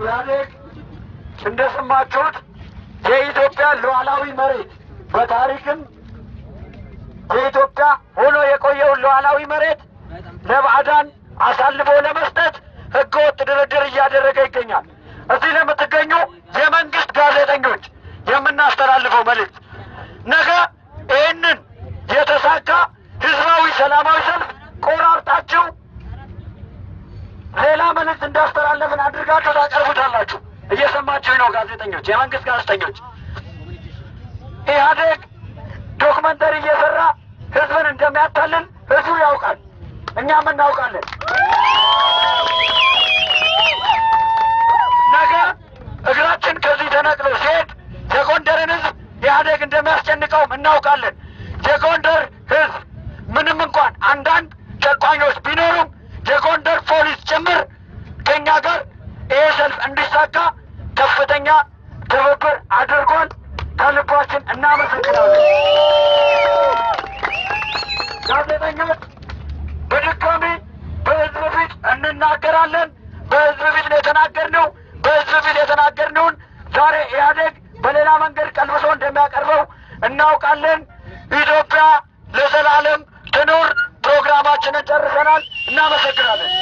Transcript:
ኢህአዴግ እንደሰማችሁት የኢትዮጵያ ሉዓላዊ መሬት በታሪክም የኢትዮጵያ ሆኖ የቆየውን ሉዓላዊ መሬት ለባዕዳን አሳልፎ ለመስጠት ህገወጥ ድርድር እያደረገ ይገኛል። እዚህ ለምትገኙ የመንግስት ጋዜጠኞች የምናስተላልፈው መልእክት ነገ መልእክት እንዳስተላለፍን አድርጋችሁ ታቀርቡታላችሁ። እየሰማችሁ ነው ጋዜጠኞች፣ የመንግስት ጋዜጠኞች። ኢህአዴግ ዶክመንተሪ እየሰራ ህዝብን እንደሚያታልል ህዝቡ ያውቃል፣ እኛም እናውቃለን። ነገ እግራችን ከዚህ ተነቅሎ ሲሄድ የጎንደርን ህዝብ ኢህአዴግ እንደሚያስጨንቀውም እናውቃለን። የጎንደር ህዝብ ምንም እንኳን አንዳንድ ጨቋኞች ቢኖሩም የጎንደር ፖሊስ እንዲሳካ ከፍተኛ ትብብር አድርጎን ከልባችን እናመሰግናለን። ጋዜጠኞች በድጋሚ በህዝብ ፊት እንናገራለን። በህዝብ ፊት ነው የተናገርነው። በህዝብ ፊት የተናገርነውን ዛሬ ኢህአዴግ በሌላ መንገድ ቀልብሶ እንደሚያቀርበው እናውቃለን። ኢትዮጵያ ለዘላለም ትኑር። ፕሮግራማችንን ጨርሰናል። እናመሰግናለን።